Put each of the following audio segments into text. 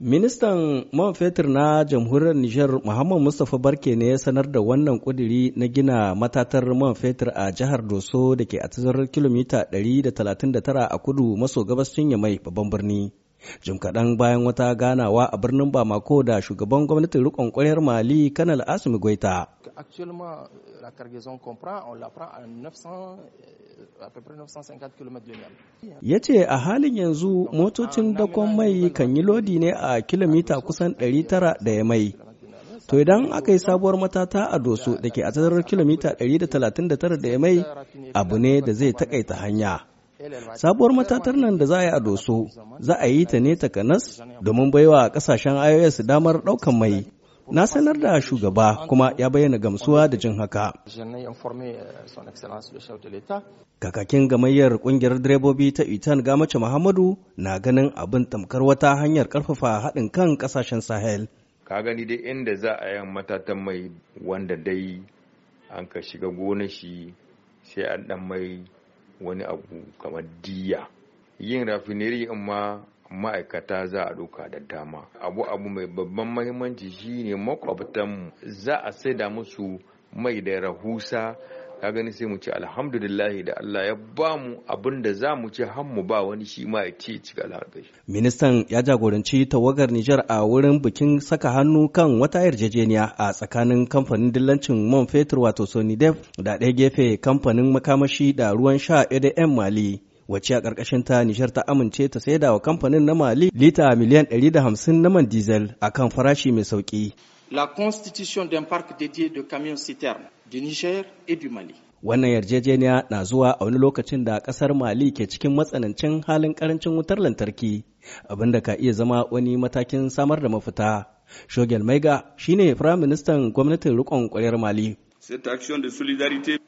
Ministan man fetur na jamhuriyar Nijar Muhammad Mustapha Barke ne ya sanar da wannan kuduri na gina matatar man fetur a jihar Doso da ke a tazarar kilomita 139 a kudu maso gabas ya mai babban birni. jim kaɗan bayan wata ganawa a birnin bamako da shugaban gwamnatin rikon ƙwarar mali kanal asimi goita euh, ya ce a halin yanzu motocin dakon mai kan yi lodi ne a kilomita kusan 900 da ya mai to idan aka yi sabuwar matata a doso da ke a tazarar kilomita 139 da ya mai abu ne da zai takaita hanya Sabuwar matatar nan da za a yi a doso za a yi ta ne takanas domin baiwa a kasashen IOS damar ɗaukan mai. Na sanar da shugaba kuma ya bayyana gamsuwa da jin haka. Kakakin gamayyar kungiyar direbobi ta Itan Gamace Muhammadu na ganin abin tamkar wata hanyar karfafa haɗin kan ƙasashen Sahel. Ka gani dai inda za a yi matatan mai wanda dai an ka shiga gonar shi sai an ɗan mai wani abu kamar diya yin in ma ma'aikata za a ɗauka da dama abu abu mai babban mahimmanci shine makwabtanmu za a saida musu mai da rahusa ka gani sai mu ce alhamdulillah da Allah ya ba mu abin da za mu ce har mu ba wani shi ma ya ce ci Ministan ya jagoranci tawagar Nijar a wurin bikin saka hannu kan wata yarjejeniya a tsakanin kamfanin dillancin man fetur wato Sonidev da ɗaya gefe kamfanin makamashi da ruwan sha EDM Mali. wacce a ƙarƙashin ta Nijar ta amince ta saida wa kamfanin na Mali lita miliyan 150 na man diesel a kan farashi mai sauƙi. la constitution d'un parc dédié de camions citernes du Niger et du Mali. Wannan yarjejeniya na zuwa a wani lokacin da ƙasar Mali ke cikin matsanancin halin karancin wutar lantarki, abinda ka iya zama wani matakin samar da mafita. Shogel Maiga shine firaministan gwamnatin riƙon ƙwaryar Mali.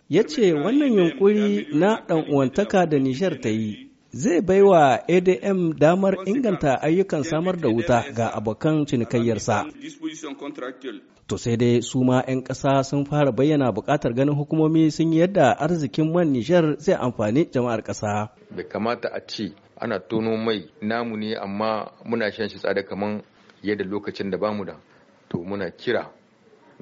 Ya ce wannan yunkuri na ɗan'uwantaka da Nijar ta yi zai baiwa ADM damar inganta ayyukan samar da wuta ga abokan cinikayyarsa. To sai dai su ma 'yan ƙasa sun fara bayyana buƙatar ganin hukumomi sun yi yadda arzikin man Nijar zai amfani jama'ar ƙasa. Bai kamata a ce ana tono mai namu ne amma muna shan shi tsada kamar yadda lokacin da bamu da. To muna kira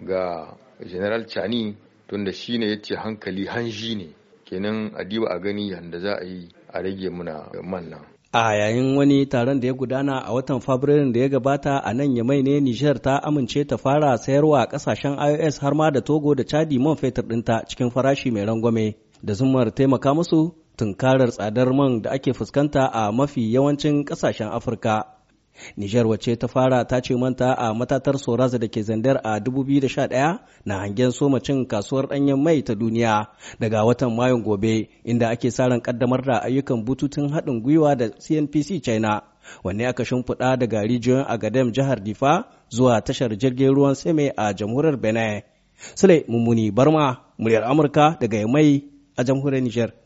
ga General Chani tunda shi ne ya ce hankali hanji ne kenan a diba a gani yadda za a yi a rage muna man a yayin wani taron da ya gudana a watan fabrairun da ya gabata a nan yamai ne nijar ta amince ta fara sayarwa a kasashen ios har ma da togo da chadi man fetur ɗinta cikin farashi mai rangwame da zumar taimaka musu tunkarar tsadar man da ake fuskanta a mafi yawancin kasashen afirka Nijar wace ta fara ta ce manta a matatar Soraza da ke zandar a 2011 na hangen soma cin kasuwar ɗanyen mai ta duniya daga watan Mayun gobe inda ake saran kaddamar da ayyukan bututun haɗin gwiwa da CNPC China wanne aka shimfiɗa daga rijiyoyin Agadem jihar Difa zuwa tashar jirgin ruwan Seme a jamhuriyar Benin. Sule Mummuni Barma, muryar Amurka daga mai a jamhuriyar Nijar.